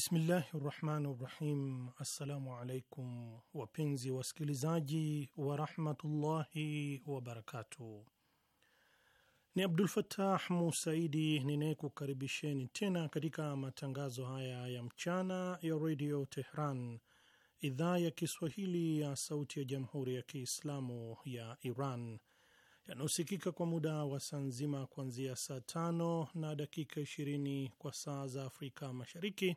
Bismillahi rahmani rahim. Assalamu alaikum wapenzi wasikilizaji warahmatullahi wabarakatuh. Ni Abdul Fattah Musaidi ninayekukaribisheni tena katika matangazo haya ya mchana ya redio Tehran, idhaa ya Kiswahili ya sauti ya jamhuri ya Kiislamu ya Iran yanayosikika kwa muda wa saa nzima kuanzia saa tano na dakika ishirini kwa saa za Afrika Mashariki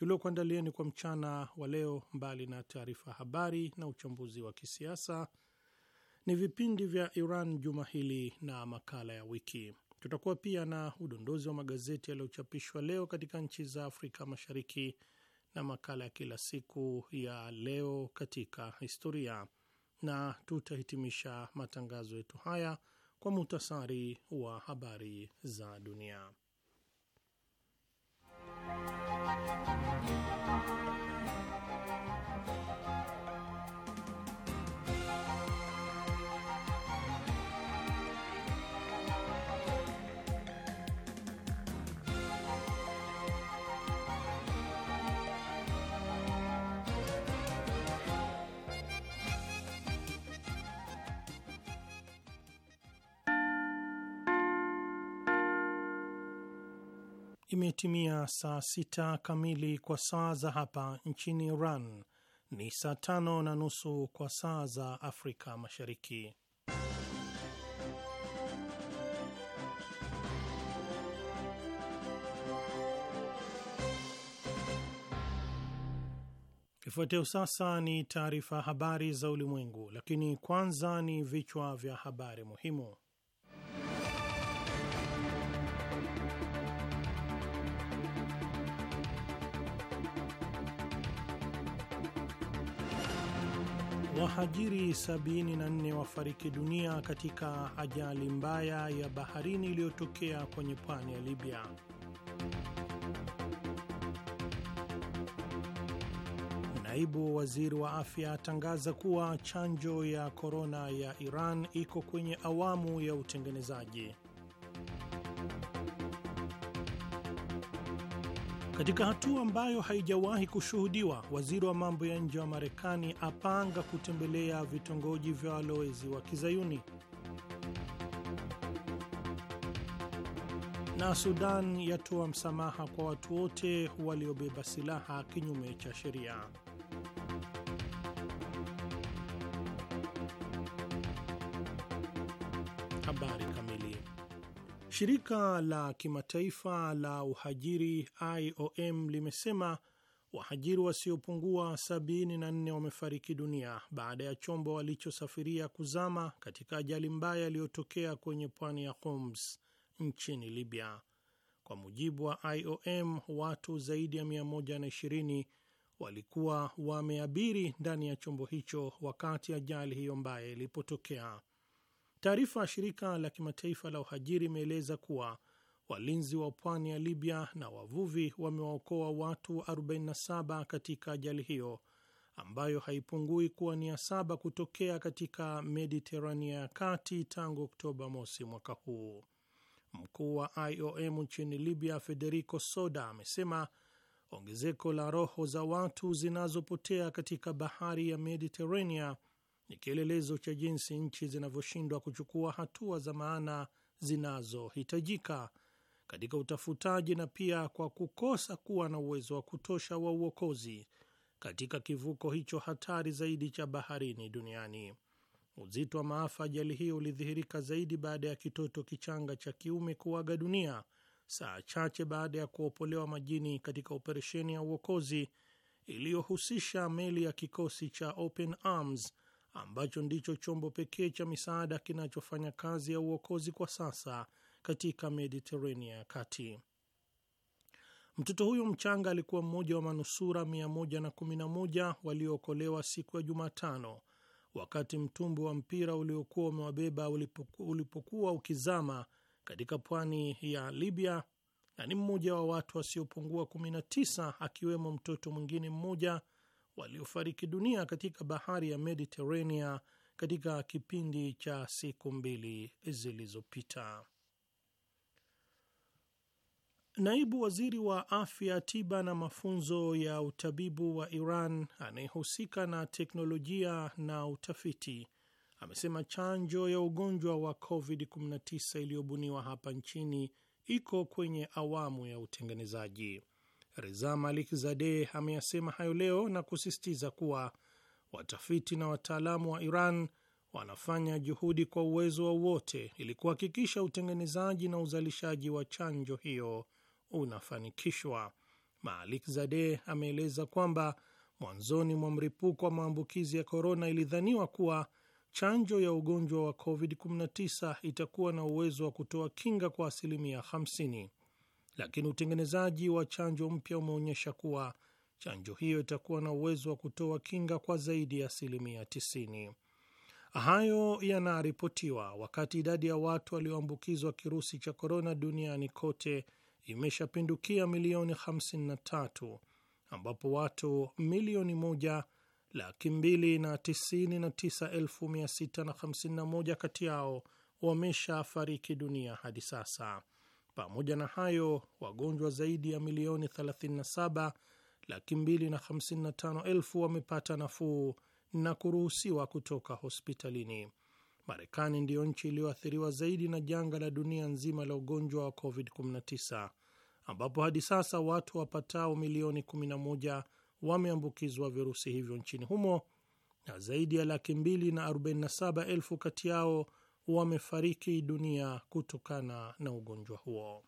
tuliokuandalieni kwa mchana wa leo, mbali na taarifa habari na uchambuzi wa kisiasa, ni vipindi vya Iran juma hili na makala ya wiki. Tutakuwa pia na udondozi wa magazeti yaliyochapishwa leo katika nchi za Afrika Mashariki na makala ya kila siku ya leo katika historia, na tutahitimisha matangazo yetu haya kwa muhtasari wa habari za dunia. Thank you. imetimia saa sita kamili kwa saa za hapa nchini Iran, ni saa tano na nusu kwa saa za Afrika Mashariki. Kifuatio sasa ni taarifa habari za ulimwengu, lakini kwanza ni vichwa vya habari muhimu. Wahajiri 74 wafariki dunia katika ajali mbaya ya baharini iliyotokea kwenye pwani ya Libya. Naibu waziri wa afya atangaza kuwa chanjo ya korona ya Iran iko kwenye awamu ya utengenezaji. Katika hatua ambayo haijawahi kushuhudiwa, waziri wa mambo ya nje wa Marekani apanga kutembelea vitongoji vya walowezi wa Kizayuni. Na Sudan yatoa msamaha kwa watu wote waliobeba silaha kinyume cha sheria. Shirika la kimataifa la uhajiri IOM limesema wahajiri wasiopungua 74 wamefariki dunia baada ya chombo walichosafiria kuzama katika ajali mbaya iliyotokea kwenye pwani ya Homs nchini Libya. Kwa mujibu wa IOM, watu zaidi ya 120 walikuwa wameabiri ndani ya chombo hicho wakati ajali hiyo mbaya ilipotokea. Taarifa ya shirika la kimataifa la uhajiri imeeleza kuwa walinzi wa pwani ya Libya na wavuvi wamewaokoa watu 47 katika ajali hiyo ambayo haipungui kuwa ni ya saba kutokea katika Mediterania ya kati tangu Oktoba mosi mwaka huu. Mkuu wa IOM nchini Libya, Federico Soda, amesema ongezeko la roho za watu zinazopotea katika bahari ya Mediterania ni kielelezo cha jinsi nchi zinavyoshindwa kuchukua hatua za maana zinazohitajika katika utafutaji na pia kwa kukosa kuwa na uwezo wa kutosha wa uokozi katika kivuko hicho hatari zaidi cha baharini duniani. Uzito wa maafa ajali hiyo ulidhihirika zaidi baada ya kitoto kichanga cha kiume kuaga dunia saa chache baada ya kuopolewa majini katika operesheni ya uokozi iliyohusisha meli ya kikosi cha Open Arms ambacho ndicho chombo pekee cha misaada kinachofanya kazi ya uokozi kwa sasa katika Mediterania ya kati. Mtoto huyo mchanga alikuwa mmoja wa manusura 111 waliookolewa siku ya Jumatano wakati mtumbwi wa mpira uliokuwa umewabeba ulipokuwa ukizama katika pwani ya Libya, na ni mmoja wa watu wasiopungua 19 akiwemo mtoto mwingine mmoja waliofariki dunia katika bahari ya Mediterania katika kipindi cha siku mbili zilizopita. Naibu waziri wa afya, tiba na mafunzo ya utabibu wa Iran anayehusika na teknolojia na utafiti amesema chanjo ya ugonjwa wa COVID-19 iliyobuniwa hapa nchini iko kwenye awamu ya utengenezaji. Reza Malik Zadeh ameyasema hayo leo na kusisitiza kuwa watafiti na wataalamu wa Iran wanafanya juhudi kwa uwezo wa wote ili kuhakikisha utengenezaji na uzalishaji wa chanjo hiyo unafanikishwa. Malik Zadeh ameeleza kwamba mwanzoni mwa mripuko wa maambukizi ya korona ilidhaniwa kuwa chanjo ya ugonjwa wa COVID-19 itakuwa na uwezo wa kutoa kinga kwa asilimia 50 lakini utengenezaji wa chanjo mpya umeonyesha kuwa chanjo hiyo itakuwa na uwezo wa kutoa kinga kwa zaidi ya asilimia 90. Hayo yanaripotiwa wakati idadi ya watu walioambukizwa kirusi cha korona duniani kote imeshapindukia milioni 53 ambapo watu milioni moja laki mbili na tisini na tisa elfu mia sita na hamsini na moja kati yao wameshafariki dunia hadi sasa. Pamoja na hayo, wagonjwa zaidi ya milioni 37 laki mbili na elfu wamepata nafuu na kuruhusiwa kutoka hospitalini. Marekani ndiyo nchi iliyoathiriwa zaidi na janga la dunia nzima la ugonjwa wa COVID-19 ambapo hadi sasa watu wapatao milioni 11 wameambukizwa virusi hivyo nchini humo na zaidi ya laki 247 na elfu kati yao wamefariki dunia kutokana na ugonjwa huo.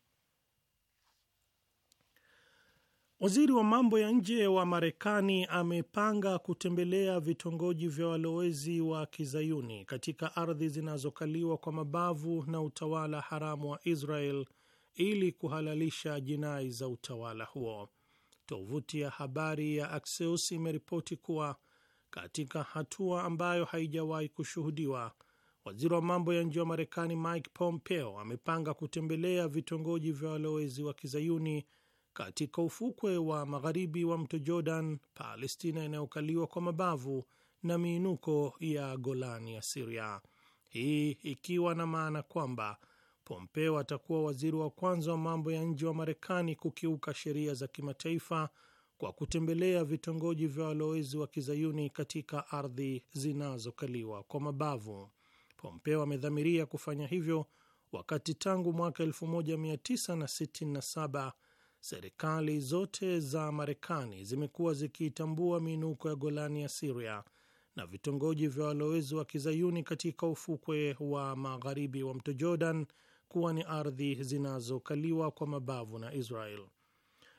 Waziri wa mambo ya nje wa Marekani amepanga kutembelea vitongoji vya walowezi wa kizayuni katika ardhi zinazokaliwa kwa mabavu na utawala haramu wa Israel ili kuhalalisha jinai za utawala huo. Tovuti ya habari ya Axios imeripoti kuwa katika hatua ambayo haijawahi kushuhudiwa, Waziri wa mambo ya nje wa Marekani Mike Pompeo amepanga kutembelea vitongoji vya walowezi wa kizayuni katika ufukwe wa magharibi wa mto Jordan, Palestina inayokaliwa kwa mabavu na miinuko ya Golani ya Siria, hii ikiwa na maana kwamba Pompeo atakuwa waziri wa kwanza wa mambo ya nje wa Marekani kukiuka sheria za kimataifa kwa kutembelea vitongoji vya walowezi wa kizayuni katika ardhi zinazokaliwa kwa mabavu. Pompeo amedhamiria kufanya hivyo wakati tangu mwaka 1967 serikali zote za Marekani zimekuwa zikiitambua miinuko ya Golani ya Siria na vitongoji vya walowezi wa kizayuni katika ufukwe wa magharibi wa mto Jordan kuwa ni ardhi zinazokaliwa kwa mabavu na Israel.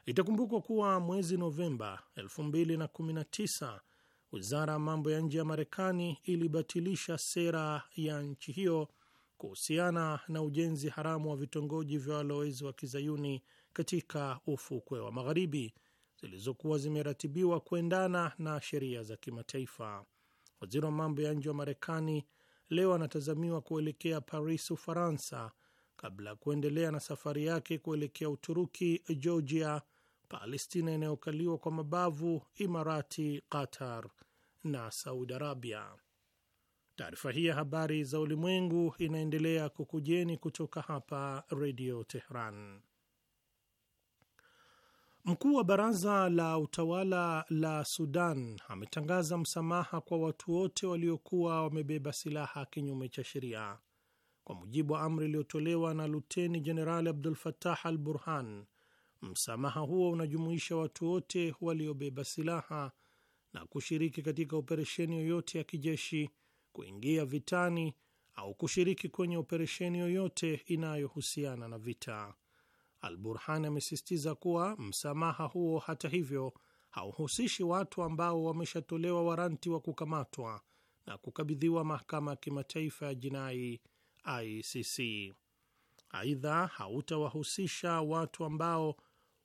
Itakumbukwa kuwa mwezi Novemba 2019 wizara ya mambo ya nje ya Marekani ilibatilisha sera ya nchi hiyo kuhusiana na ujenzi haramu wa vitongoji vya walowezi wa kizayuni katika ufukwe wa magharibi zilizokuwa zimeratibiwa kuendana na sheria za kimataifa. Waziri wa mambo ya nje wa Marekani leo anatazamiwa kuelekea Paris, Ufaransa, kabla ya kuendelea na safari yake kuelekea Uturuki, Georgia, Palestina inayokaliwa kwa mabavu, Imarati, Qatar na Saudi Arabia. Taarifa hii ya habari za ulimwengu inaendelea kukujeni kutoka hapa Redio Tehran. Mkuu wa baraza la utawala la Sudan ametangaza msamaha kwa watu wote waliokuwa wamebeba silaha kinyume cha sheria kwa mujibu wa amri iliyotolewa na Luteni Jenerali Abdul Fattah al Burhan. Msamaha huo unajumuisha watu wote waliobeba silaha na kushiriki katika operesheni yoyote ya kijeshi, kuingia vitani au kushiriki kwenye operesheni yoyote inayohusiana na vita. Al-Burhan amesisitiza kuwa msamaha huo, hata hivyo, hauhusishi watu ambao wameshatolewa waranti wa kukamatwa na kukabidhiwa mahakama ya kimataifa ya jinai ICC. Aidha, hautawahusisha watu ambao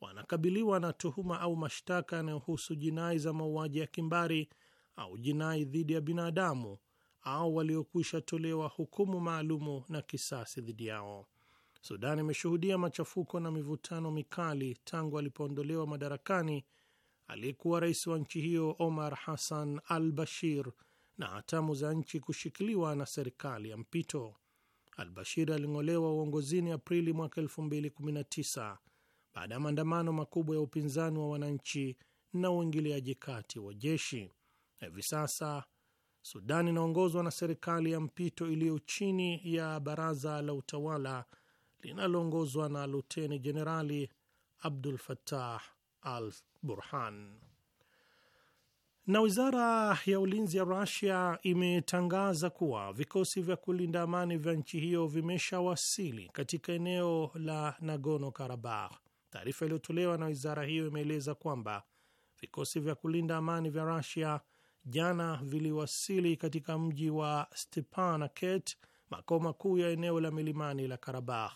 wanakabiliwa na tuhuma au mashtaka yanayohusu jinai za mauaji ya kimbari au jinai dhidi ya binadamu au waliokwisha tolewa hukumu maalumu na kisasi dhidi yao. Sudani imeshuhudia machafuko na mivutano mikali tangu alipoondolewa madarakani aliyekuwa rais wa nchi hiyo Omar Hassan al Bashir, na hatamu za nchi kushikiliwa na serikali ya mpito. Al Bashir aling'olewa uongozini Aprili mwaka baada ya maandamano makubwa ya upinzani wa wananchi na uingiliaji kati wa jeshi. Hivi sasa Sudani inaongozwa na serikali ya mpito iliyo chini ya baraza la utawala linaloongozwa na luteni jenerali Abdul Fattah al Burhan. Na wizara ya ulinzi ya Rusia imetangaza kuwa vikosi vya kulinda amani vya nchi hiyo vimeshawasili katika eneo la Nagorno Karabakh Taarifa iliyotolewa na wizara hiyo imeeleza kwamba vikosi vya kulinda amani vya Rusia jana viliwasili katika mji wa Stepanaket, makao makuu ya eneo la milimani la Karabakh.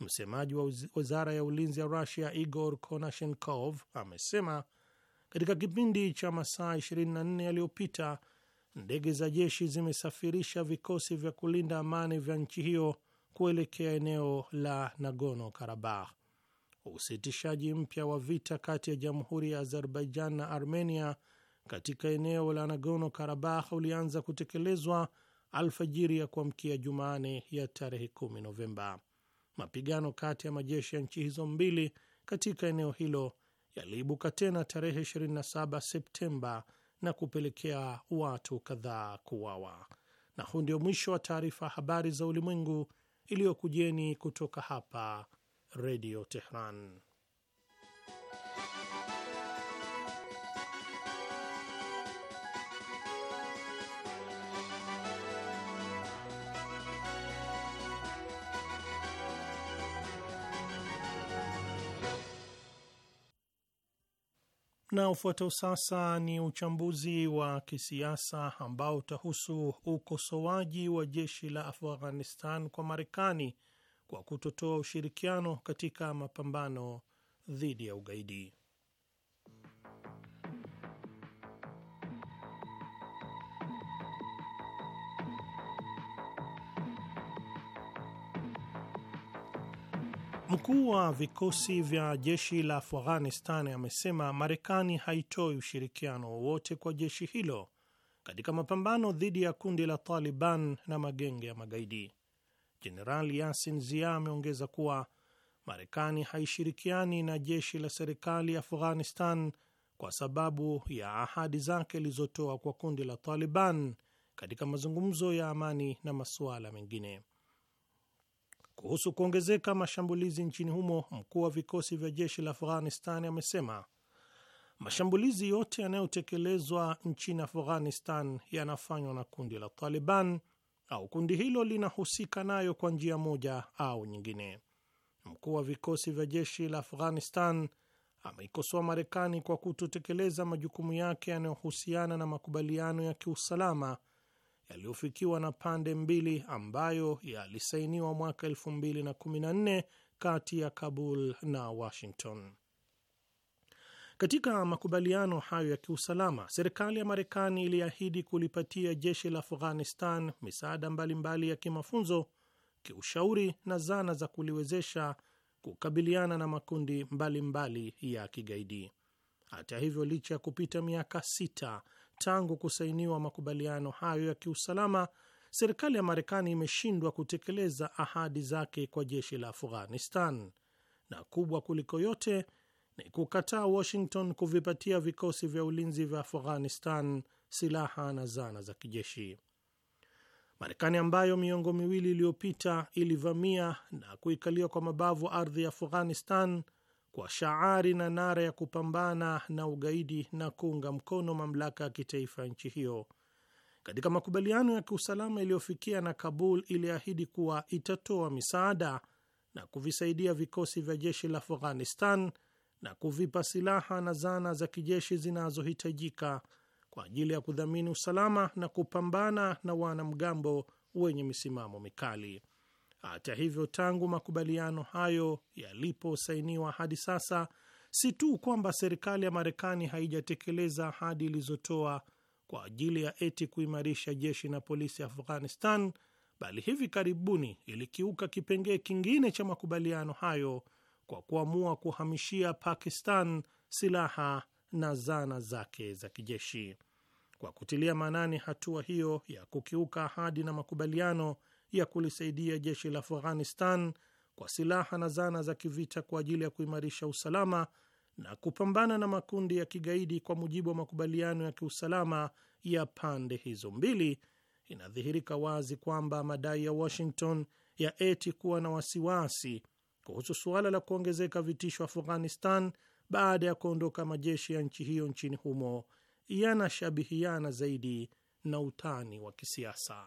Msemaji wa wizara ya ulinzi ya Rusia Igor Konashenkov amesema katika kipindi cha masaa 24 yaliyopita ndege za jeshi zimesafirisha vikosi vya kulinda amani vya nchi hiyo kuelekea eneo la nagono Karabakh usitishaji mpya wa vita kati ya jamhuri ya Azerbaijan na Armenia katika eneo la Nagorno Karabakh ulianza kutekelezwa alfajiri ya kuamkia Jumane ya tarehe 10 Novemba. Mapigano kati ya majeshi ya nchi hizo mbili katika eneo hilo yaliibuka tena tarehe 27 Septemba na kupelekea watu kadhaa kuwawa. Na huu ndio mwisho wa taarifa habari za ulimwengu iliyokujeni kutoka hapa Redio Tehran. Na ufuatao sasa ni uchambuzi wa kisiasa ambao utahusu ukosoaji wa jeshi la Afghanistan kwa Marekani kwa kutotoa ushirikiano katika mapambano dhidi ya ugaidi. Mkuu wa vikosi vya jeshi la Afghanistan amesema Marekani haitoi ushirikiano wowote kwa jeshi hilo katika mapambano dhidi ya kundi la Taliban na magenge ya magaidi. Jenerali Yasin Zia ameongeza kuwa Marekani haishirikiani na jeshi la serikali Afghanistan kwa sababu ya ahadi zake ilizotoa kwa kundi la Taliban katika mazungumzo ya amani na masuala mengine. Kuhusu kuongezeka mashambulizi nchini humo, mkuu wa vikosi vya jeshi la Afghanistan amesema mashambulizi yote yanayotekelezwa nchini Afghanistan yanafanywa na kundi la Taliban au kundi hilo linahusika nayo kwa njia moja au nyingine. Mkuu wa vikosi vya jeshi la Afghanistan ameikosoa Marekani kwa kutotekeleza majukumu yake yanayohusiana na makubaliano ya kiusalama yaliyofikiwa na pande mbili ambayo yalisainiwa mwaka 2014 kati ya Kabul na Washington. Katika makubaliano hayo ya kiusalama, serikali ya Marekani iliahidi kulipatia jeshi la Afghanistan misaada mbalimbali ya kimafunzo, kiushauri na zana za kuliwezesha kukabiliana na makundi mbalimbali mbali ya kigaidi. Hata hivyo, licha ya kupita miaka sita tangu kusainiwa makubaliano hayo ya kiusalama, serikali ya Marekani imeshindwa kutekeleza ahadi zake kwa jeshi la Afghanistan, na kubwa kuliko yote ni kukataa Washington kuvipatia vikosi vya ulinzi vya Afghanistan silaha na zana za kijeshi. Marekani ambayo miongo miwili iliyopita ilivamia na kuikalia kwa mabavu ardhi ya Afghanistan kwa shaari na nara ya kupambana na ugaidi na kuunga mkono mamlaka ya kitaifa ya nchi hiyo. Katika makubaliano ya kiusalama iliyofikia na Kabul, iliahidi kuwa itatoa misaada na kuvisaidia vikosi vya jeshi la Afghanistan na kuvipa silaha na zana za kijeshi zinazohitajika kwa ajili ya kudhamini usalama na kupambana na wanamgambo wenye misimamo mikali. Hata hivyo, tangu makubaliano hayo yaliposainiwa hadi sasa, si tu kwamba serikali ya Marekani haijatekeleza ahadi ilizotoa kwa ajili ya eti kuimarisha jeshi na polisi ya Afghanistan, bali hivi karibuni ilikiuka kipengee kingine cha makubaliano hayo kwa kuamua kuhamishia Pakistan silaha na zana zake za kijeshi. Kwa kutilia maanani hatua hiyo ya kukiuka ahadi na makubaliano ya kulisaidia jeshi la Afghanistan kwa silaha na zana za kivita kwa ajili ya kuimarisha usalama na kupambana na makundi ya kigaidi kwa mujibu wa makubaliano ya kiusalama ya pande hizo mbili, inadhihirika wazi kwamba madai ya Washington ya eti kuwa na wasiwasi kuhusu suala la kuongezeka vitisho Afghanistan baada ya kuondoka majeshi ya nchi hiyo nchini humo yanashabihiana zaidi na utani wa kisiasa.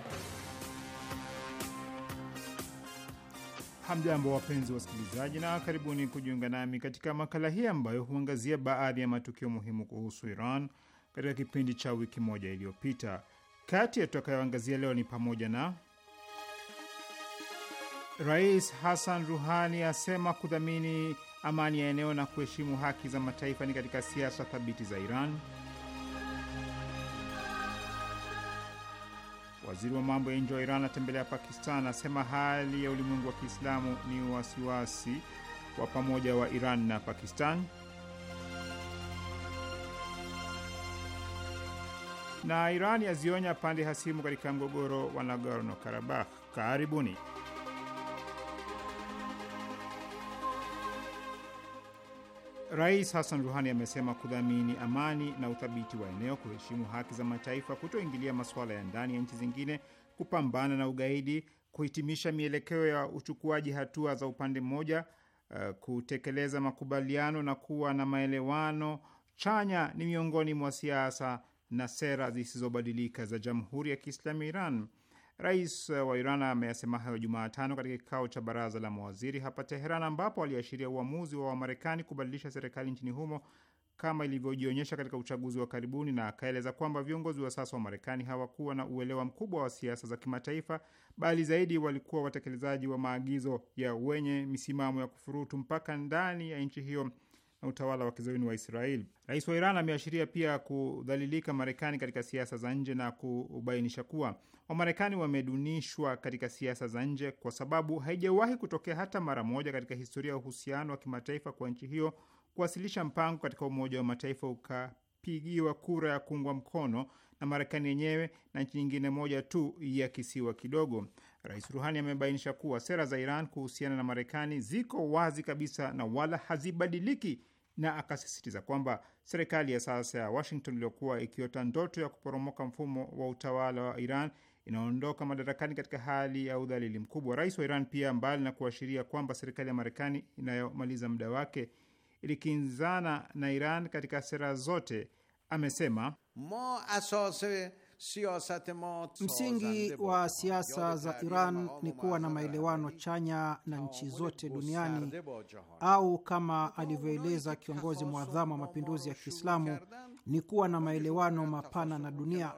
Hamjambo, wapenzi wasikilizaji, na karibuni kujiunga nami katika makala hii ambayo huangazia baadhi ya matukio muhimu kuhusu Iran katika kipindi cha wiki moja iliyopita. Kati ya tutakayoangazia leo ni pamoja na Rais Hassan Ruhani asema kudhamini amani ya eneo na kuheshimu haki za mataifa ni katika siasa thabiti za Iran. Waziri wa mambo ya nje wa Iran atembelea Pakistan, anasema hali ya ulimwengu wa Kiislamu ni wasiwasi wa pamoja wa Iran na Pakistan. Na Iran yazionya pande hasimu katika mgogoro wa Nagorno Karabakh. Karibuni. Rais Hassan Ruhani amesema kudhamini amani na uthabiti wa eneo, kuheshimu haki za mataifa, kutoingilia masuala ya ndani ya nchi zingine, kupambana na ugaidi, kuhitimisha mielekeo ya uchukuaji hatua za upande mmoja, uh, kutekeleza makubaliano na kuwa na maelewano chanya ni miongoni mwa siasa na sera zisizobadilika za Jamhuri ya Kiislamu Iran. Rais wa Iran ameyasema hayo Jumatano katika kikao cha baraza la mawaziri hapa Teheran, ambapo aliashiria uamuzi wa Wamarekani kubadilisha serikali nchini humo kama ilivyojionyesha katika uchaguzi wa karibuni, na akaeleza kwamba viongozi wa sasa wa Marekani hawakuwa na uelewa mkubwa wa siasa za kimataifa, bali zaidi walikuwa watekelezaji wa maagizo ya wenye misimamo ya kufurutu mpaka ndani ya nchi hiyo na utawala wa kizayuni wa Israeli. Rais wa Iran ameashiria pia kudhalilika Marekani katika siasa za nje na kubainisha kuwa Wamarekani wamedunishwa katika siasa za nje kwa sababu haijawahi kutokea hata mara moja katika historia ya uhusiano wa kimataifa kwa nchi hiyo kuwasilisha mpango katika Umoja wa Mataifa ukapigiwa kura ya kuungwa mkono na Marekani yenyewe na nchi nyingine moja tu ya kisiwa kidogo. Rais Ruhani amebainisha kuwa sera za Iran kuhusiana na Marekani ziko wazi kabisa na wala hazibadiliki na akasisitiza kwamba serikali ya sasa ya Washington iliyokuwa ikiota ndoto ya kuporomoka mfumo wa utawala wa Iran inaondoka madarakani katika hali ya udhalili mkubwa. Rais wa Iran pia, mbali na kuashiria kwamba serikali ya Marekani inayomaliza muda wake ilikinzana na Iran katika sera zote, amesema asase Msingi wa siasa za Iran ni kuwa na maelewano chanya na nchi zote duniani, au kama alivyoeleza kiongozi mwadhamu wa mapinduzi ya Kiislamu, ni kuwa na maelewano mapana na dunia.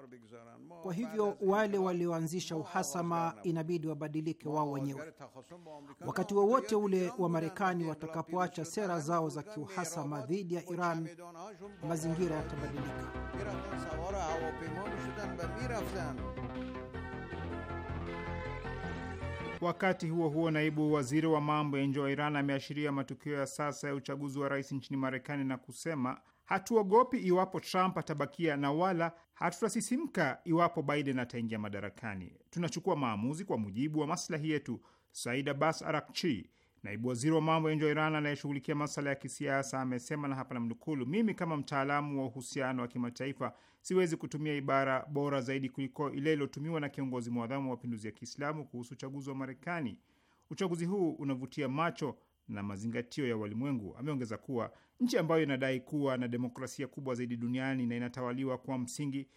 Kwa hivyo wale walioanzisha uhasama inabidi wabadilike wao wenyewe. Wakati wowote wa ule wa Marekani watakapoacha sera zao za kiuhasama dhidi ya Iran, mazingira yatabadilika. Wakati huo huo, naibu waziri wa mambo ya nje wa Iran ameashiria matukio ya sasa ya uchaguzi wa rais nchini Marekani na kusema Hatuogopi iwapo Trump atabakia na wala hatutasisimka iwapo Biden ataingia madarakani. Tunachukua maamuzi kwa mujibu wa maslahi yetu. Said Abbas Arakchi, naibu waziri wa mambo ya nje wa Iran anayeshughulikia masala ya kisiasa, amesema, na hapa namnukulu: mimi kama mtaalamu wa uhusiano wa kimataifa siwezi kutumia ibara bora zaidi kuliko ile iliyotumiwa na kiongozi mwadhamu wa mapinduzi ya Kiislamu kuhusu uchaguzi wa Marekani. Uchaguzi huu unavutia macho na mazingatio ya walimwengu. Ameongeza kuwa nchi ambayo inadai kuwa na demokrasia kubwa zaidi duniani na inatawaliwa kwa msingi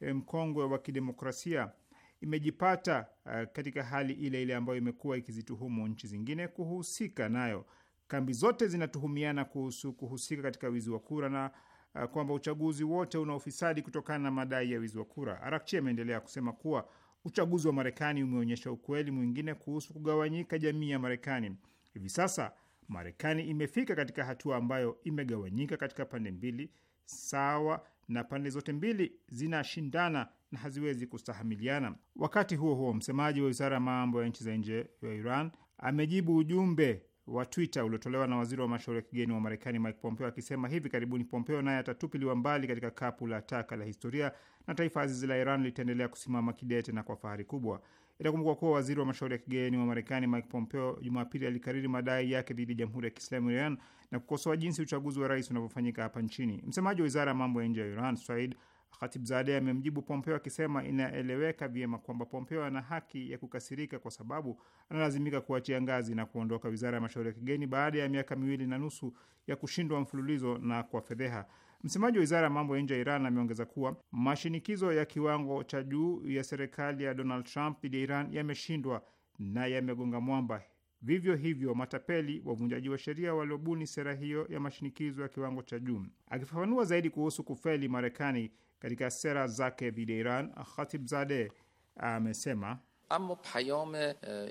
eh, mkongwe wa kidemokrasia imejipata uh, katika hali ile ile ambayo imekuwa ikizituhumu nchi zingine kuhusika nayo. Kambi zote zinatuhumiana kuhusu kuhusika katika wizi wa kura na uh, kwamba uchaguzi wote una ufisadi kutokana na madai ya wizi wa kura. Arakchi ameendelea kusema kuwa uchaguzi wa Marekani umeonyesha ukweli mwingine kuhusu kugawanyika jamii ya Marekani. Hivi sasa Marekani imefika katika hatua ambayo imegawanyika katika pande mbili sawa, na pande zote mbili zinashindana na haziwezi kustahamiliana. Wakati huo huo, msemaji wa wizara ya mambo ya nchi za nje ya Iran amejibu ujumbe wa Twitter uliotolewa na waziri wa mashauri ya kigeni wa Marekani Mike Pompeo akisema hivi karibuni Pompeo naye atatupiliwa mbali katika kapu la taka la historia na taifa azizi la Iran litaendelea kusimama kidete na kwa fahari kubwa. Itakumbukwa kuwa waziri wa mashauri ya kigeni wa Marekani Mike Pompeo Jumapili alikariri madai yake dhidi ya jamhuri ya Kiislamu ya Iran na kukosoa jinsi uchaguzi wa rais unavyofanyika hapa nchini. Msemaji wa wizara ya mambo ya nje ya Iran Said Khatibzadeh amemjibu Pompeo akisema inaeleweka vyema kwamba Pompeo ana haki ya kukasirika kwa sababu analazimika kuachia ngazi na kuondoka wizara ya mashauri ya kigeni baada ya miaka miwili na nusu ya kushindwa mfululizo na kwa fedheha. Msemaji wa wizara ya mambo ya nje ya Iran ameongeza kuwa mashinikizo ya kiwango cha juu ya serikali ya Donald Trump dhidi ya Iran yameshindwa na yamegonga mwamba. Vivyo hivyo matapeli wavunjaji wa sheria waliobuni sera hiyo ya mashinikizo ya kiwango cha juu. Akifafanua zaidi kuhusu kufeli Marekani katika sera zake dhidi ya Iran, Khatibzadeh amesema اما پیام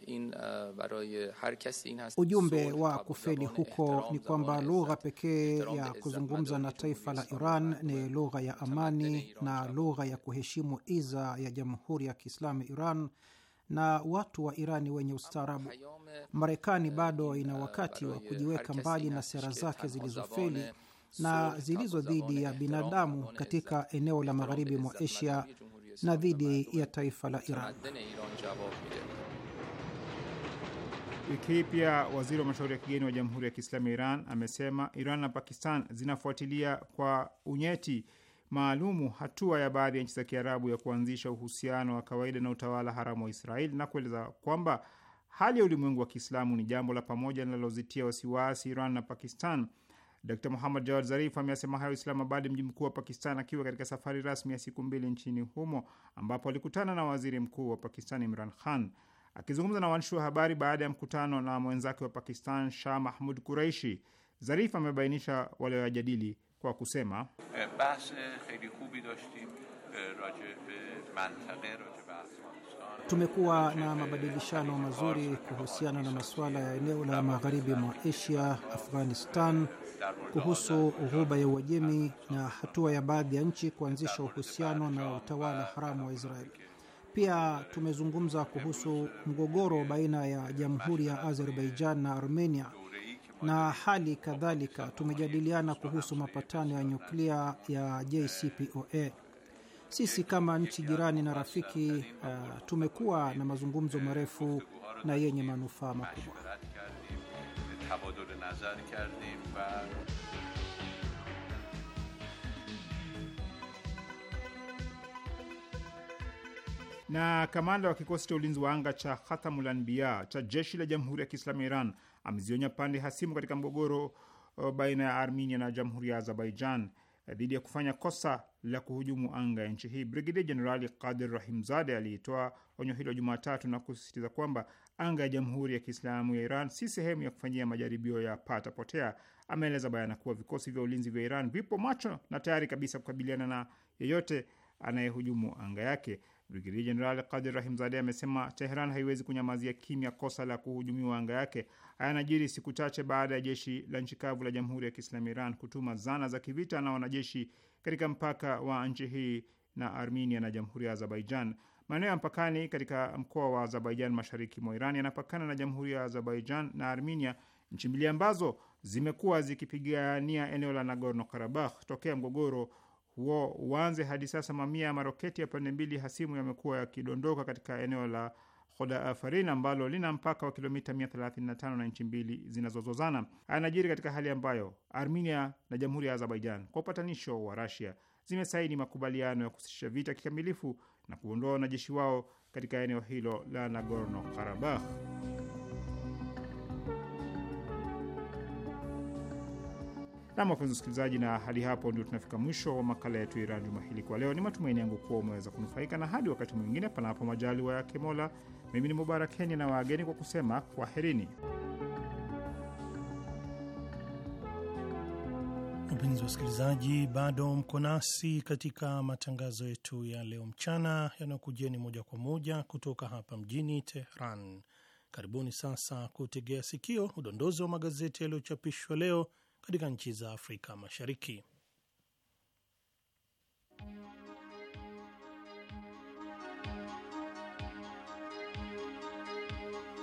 این برای هر کسی این هست ujumbe wa kufeli huko ni kwamba lugha pekee ya kuzungumza na taifa la Iran ni lugha ya amani na lugha ya kuheshimu iza ya Jamhuri ya Kiislamu Iran na watu wa Irani wenye ustaarabu. Marekani bado ina wakati wa kujiweka mbali na sera zake zilizofeli na zilizo dhidi ya binadamu katika eneo la magharibi mwa Asia na dhidi ya taifa la Iran. Wiki hii pia waziri wa mashauri ya kigeni wa Jamhuri ya Kiislamu ya Iran amesema Iran na Pakistan zinafuatilia kwa unyeti maalumu hatua ya baadhi ya nchi za Kiarabu ya kuanzisha uhusiano wa kawaida na utawala haramu wa Israeli na kueleza kwamba hali ya ulimwengu wa Kiislamu ni jambo la pamoja linalozitia wasiwasi Iran na Pakistan dr Muhammad Jawad Zarif amesema hayo Islamabad, mji mkuu wa Pakistan, akiwa katika safari rasmi ya siku mbili nchini humo ambapo alikutana na waziri mkuu wa Pakistan Imran Khan. Akizungumza na waandishi wa habari baada ya mkutano na mwenzake wa Pakistan Shah Mahmud Quraishi, Zarif amebainisha walioyajadili kwa kusema eh, eh, Tumekuwa na mabadilishano mazuri kuhusiana na masuala ya eneo la magharibi mwa Asia, Afghanistan, kuhusu ghuba ya Uajemi na hatua ya baadhi ya nchi kuanzisha uhusiano na utawala haramu wa Israeli. Pia tumezungumza kuhusu mgogoro baina ya jamhuri ya Azerbaijan na Armenia na hali kadhalika tumejadiliana kuhusu mapatano ya nyuklia ya JCPOA. Sisi kama nchi jirani na rafiki uh, tumekuwa na mazungumzo marefu na yenye manufaa makubwa. Na kamanda wa kikosi cha ulinzi wa anga cha Khatamul Anbiya cha jeshi la Jamhuri ya Kiislamu ya Iran amezionya pande hasimu katika mgogoro uh, baina ya Armenia na Jamhuri ya Azerbaijan dhidi ya kufanya kosa la kuhujumu anga ya nchi hii. Brigedia Jenerali Kadir Rahimzade aliitoa onyo hilo Jumatatu na kusisitiza kwamba anga ya Jamhuri ya Kiislamu ya Iran si sehemu ya kufanyia majaribio ya pata potea. Ameeleza bayana kuwa vikosi vya ulinzi vya Iran vipo macho na tayari kabisa kukabiliana na yeyote anayehujumu anga yake. Brigedia Jenerali Kadir Rahimzadeh amesema Teheran haiwezi kunyamazia kimya kosa la kuhujumiwa anga yake. Haya yanajiri siku chache baada ya jeshi la nchi kavu la Jamhuri ya Kiislamu Iran kutuma zana za kivita na wanajeshi katika mpaka wa nchi hii na Armenia na Jamhuri ya Azerbaijan. Maeneo ya mpakani katika mkoa wa Azerbaijan mashariki mwa Iran yanapakana na Jamhuri ya Azerbaijan na Armenia, nchi mbili ambazo zimekuwa zikipigania eneo la Nagorno Karabakh tokea mgogoro huo uanze hadi sasa mamia ya maroketi ya pande mbili hasimu yamekuwa yakidondoka katika eneo la Afarin ambalo lina mpaka wa kilomita 135 na nchi mbili zinazozozana. Anajiri katika hali ambayo Armenia na Jamhuri ya Azerbaijan kwa upatanisho wa Rasia zimesaini makubaliano ya kusitisha vita kikamilifu na kuondoa wanajeshi wao katika eneo hilo la Nagorno Karabakh. na wapenzi msikilizaji, na hadi hapo ndio tunafika mwisho wa makala yetu ya Iran juma hili kwa leo. Ni matumaini yangu kuwa umeweza kunufaika, na hadi wakati mwingine, panapo majaliwa yake Mola, mimi ni Mubarak Kenya na wageni kwa kusema kwaherini. Wapenzi wasikilizaji, bado mko nasi katika matangazo yetu ya leo mchana yanayokujeni moja kwa moja kutoka hapa mjini Teheran. Karibuni sasa kutegea sikio udondozi wa magazeti yaliyochapishwa leo katika nchi za Afrika Mashariki.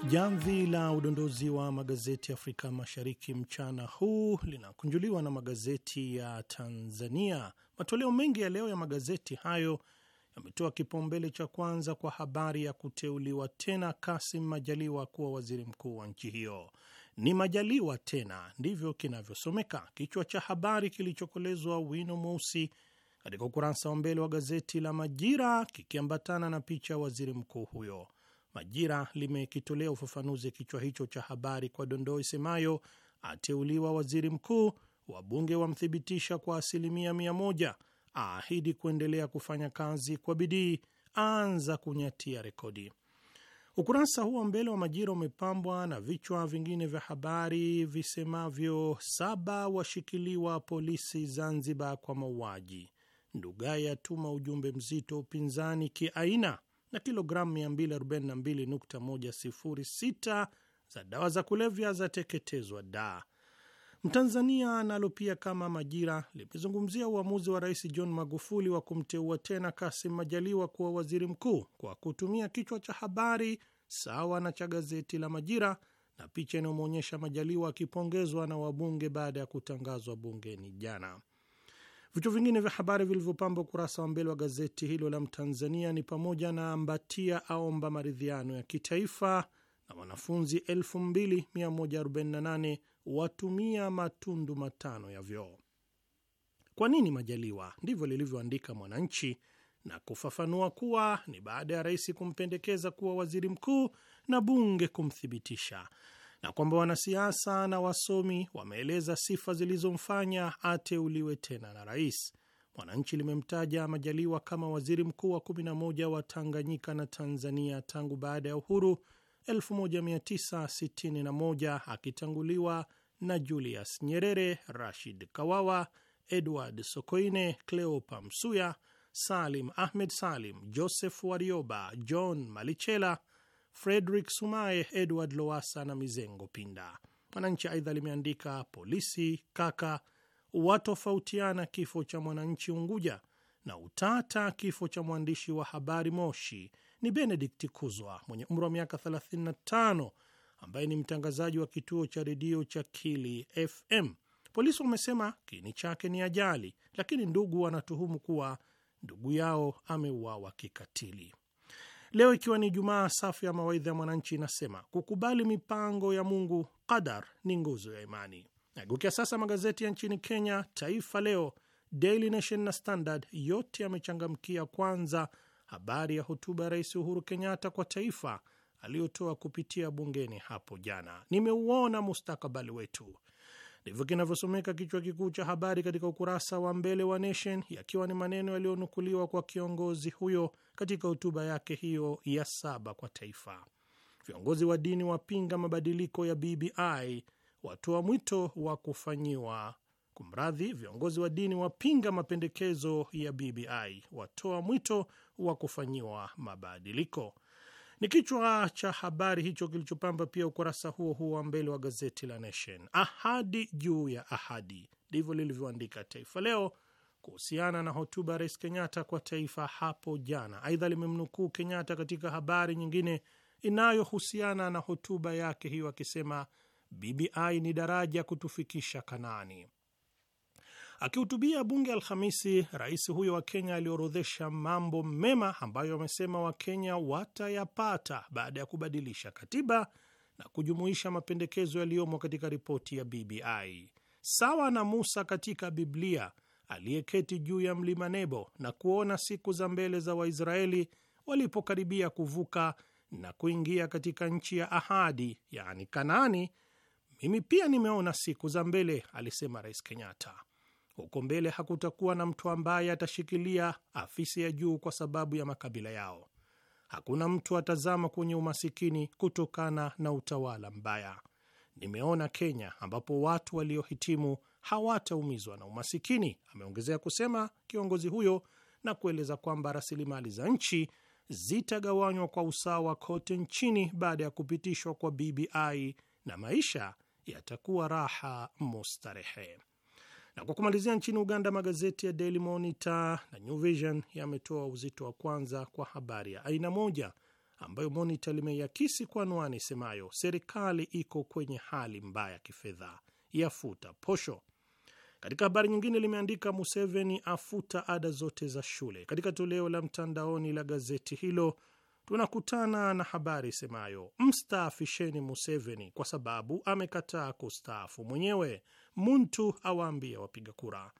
Jamvi la udondozi wa magazeti Afrika Mashariki mchana huu linakunjuliwa na magazeti ya Tanzania. Matoleo mengi ya leo ya magazeti hayo yametoa kipaumbele cha kwanza kwa habari ya kuteuliwa tena Kasim Majaliwa kuwa waziri mkuu wa nchi hiyo ni majaliwa tena, ndivyo kinavyosomeka kichwa cha habari kilichokolezwa wino mweusi katika ukurasa wa mbele wa gazeti la Majira kikiambatana na picha ya waziri mkuu huyo. Majira limekitolea ufafanuzi kichwa hicho cha habari kwa dondoo isemayo, ateuliwa waziri mkuu, wabunge wamthibitisha kwa asilimia mia moja, aahidi kuendelea kufanya kazi kwa bidii, aanza kunyatia rekodi. Ukurasa huu wa mbele wa Majira umepambwa na vichwa vingine vya habari visemavyo: saba washikiliwa polisi Zanzibar kwa mauaji, Ndugai atuma ujumbe mzito upinzani kiaina, na kilogramu 242.106 za dawa za kulevya zateketezwa da Mtanzania nalo pia kama Majira limezungumzia uamuzi wa Rais John Magufuli wa kumteua tena Kasim Majaliwa kuwa waziri mkuu kwa kutumia kichwa cha habari sawa na cha gazeti la Majira na picha inayomwonyesha Majaliwa akipongezwa na wabunge baada ya kutangazwa bungeni jana. Vichwa vingine vya habari vilivyopamba ukurasa wa mbele wa gazeti hilo la Mtanzania ni pamoja na Mbatia aomba maridhiano ya kitaifa, na wanafunzi 2148 watumia matundu matano ya vyoo. Kwa nini Majaliwa? Ndivyo lilivyoandika Mwananchi na kufafanua kuwa ni baada ya rais kumpendekeza kuwa waziri mkuu na bunge kumthibitisha na kwamba wanasiasa na wasomi wameeleza sifa zilizomfanya ateuliwe tena na rais. Mwananchi limemtaja Majaliwa kama waziri mkuu wa 11 wa Tanganyika na Tanzania tangu baada ya uhuru 1961 akitanguliwa na Julius Nyerere, Rashid Kawawa, Edward Sokoine, Cleopa Msuya, Salim Ahmed Salim, Joseph Warioba, John Malichela, Frederick Sumaye, Edward Lowasa na Mizengo Pinda. Mwananchi aidha limeandika polisi kaka watofautiana kifo cha mwananchi Unguja na utata kifo cha mwandishi wa habari Moshi ni Benedikt Kuzwa mwenye umri wa miaka 35 ambaye ni mtangazaji wa kituo cha redio cha Kili FM. Polisi wamesema kiini chake ni ajali, lakini ndugu wanatuhumu kuwa ndugu yao ameuawa kikatili. Leo ikiwa ni Jumaa, safu ya mawaidha ya Mwananchi inasema kukubali mipango ya Mungu qadar ni nguzo ya imani. Nagukia sasa magazeti ya nchini Kenya, Taifa Leo, Daily Nation na Standard, yote yamechangamkia kwanza habari ya hotuba ya Rais Uhuru Kenyatta kwa taifa aliyotoa kupitia bungeni hapo jana. Nimeuona mustakabali wetu, ndivyo kinavyosomeka kichwa kikuu cha habari katika ukurasa wa mbele wa Nation, yakiwa ni maneno yaliyonukuliwa kwa kiongozi huyo katika hotuba yake hiyo ya saba kwa taifa. Viongozi wa dini wapinga mabadiliko ya BBI, watoa mwito wa kufanyiwa Kumradhi, viongozi wa dini wapinga mapendekezo ya BBI, watoa mwito wa kufanyiwa mabadiliko. Ni kichwa cha habari hicho kilichopamba pia ukurasa huo huo wa mbele wa gazeti la Nation. Ahadi juu ya ahadi, ndivyo lilivyoandika Taifa Leo kuhusiana na hotuba ya Rais Kenyatta kwa taifa hapo jana. Aidha, limemnukuu Kenyatta katika habari nyingine inayohusiana na hotuba yake hiyo akisema BBI ni daraja kutufikisha Kanaani. Akihutubia bunge Alhamisi, rais huyo wa Kenya aliorodhesha mambo mema ambayo amesema Wakenya watayapata baada ya kubadilisha katiba na kujumuisha mapendekezo yaliyomo katika ripoti ya BBI. Sawa na Musa katika Biblia aliyeketi juu ya mlima Nebo na kuona siku za mbele za Waisraeli walipokaribia kuvuka na kuingia katika nchi ya ahadi, yaani Kanaani, mimi pia nimeona siku za mbele, alisema Rais Kenyatta. Huko mbele hakutakuwa na mtu ambaye atashikilia afisi ya juu kwa sababu ya makabila yao. Hakuna mtu atazama kwenye umasikini kutokana na utawala mbaya. Nimeona Kenya ambapo watu waliohitimu hawataumizwa na umasikini, ameongezea kusema kiongozi huyo, na kueleza kwamba rasilimali za nchi zitagawanywa kwa usawa kote nchini baada ya kupitishwa kwa BBI na maisha yatakuwa raha mustarehe. Na kwa kumalizia, nchini Uganda, magazeti ya Daily Monitor na New Vision yametoa uzito wa kwanza kwa habari ya aina moja ambayo Monitor limeiakisi kwa anwani semayo, serikali iko kwenye hali mbaya kifedha, yafuta posho. Katika habari nyingine limeandika Museveni afuta ada zote za shule. Katika toleo la mtandaoni la gazeti hilo tunakutana na habari semayo, mstaafisheni Museveni kwa sababu amekataa kustaafu mwenyewe. Muntu awaambia wapiga kura,